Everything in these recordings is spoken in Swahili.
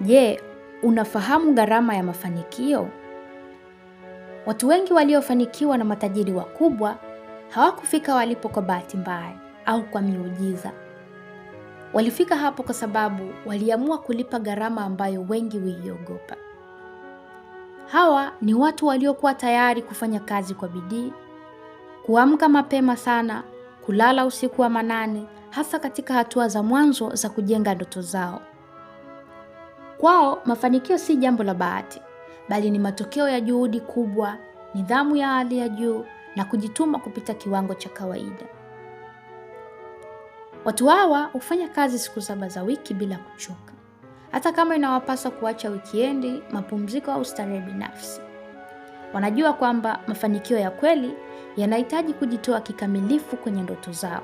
Je, unafahamu gharama ya mafanikio? Watu wengi waliofanikiwa na matajiri wakubwa hawakufika walipo kwa bahati mbaya au kwa miujiza. Walifika hapo kwa sababu waliamua kulipa gharama ambayo wengi huiogopa. Hawa ni watu waliokuwa tayari kufanya kazi kwa bidii, kuamka mapema sana, kulala usiku wa manane, hasa katika hatua za mwanzo za kujenga ndoto zao. Kwao mafanikio si jambo la bahati, bali ni matokeo ya juhudi kubwa, nidhamu ya hali ya juu na kujituma kupita kiwango cha kawaida. Watu hawa hufanya kazi siku saba za wiki bila kuchoka, hata kama inawapasa kuacha wikiendi, mapumziko au starehe binafsi. Wanajua kwamba mafanikio ya kweli yanahitaji kujitoa kikamilifu kwenye ndoto zao,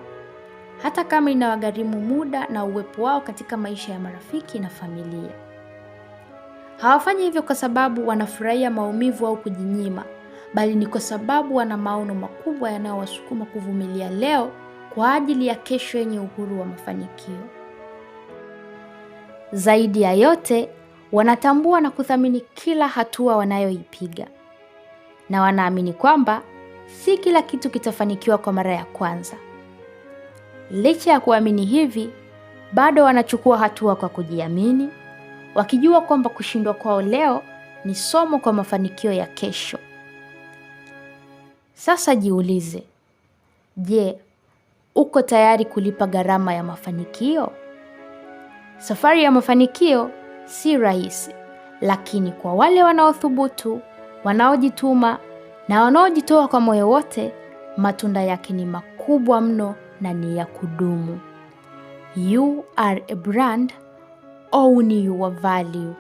hata kama inawagharimu muda na uwepo wao katika maisha ya marafiki na familia. Hawafanyi hivyo kwa sababu wanafurahia maumivu au kujinyima, bali ni kwa sababu wana maono makubwa yanayowasukuma kuvumilia leo kwa ajili ya kesho yenye uhuru wa mafanikio. Zaidi ya yote, wanatambua na kuthamini kila hatua wanayoipiga, na wanaamini kwamba si kila kitu kitafanikiwa kwa mara ya kwanza. Licha ya kuamini hivi, bado wanachukua hatua kwa kujiamini wakijua kwamba kushindwa kwao leo ni somo kwa mafanikio ya kesho. Sasa jiulize, je, uko tayari kulipa gharama ya mafanikio? Safari ya mafanikio si rahisi, lakini kwa wale wanaothubutu, wanaojituma na wanaojitoa kwa moyo wote, matunda yake ni makubwa mno na ni ya kudumu. You are a brand all knew a value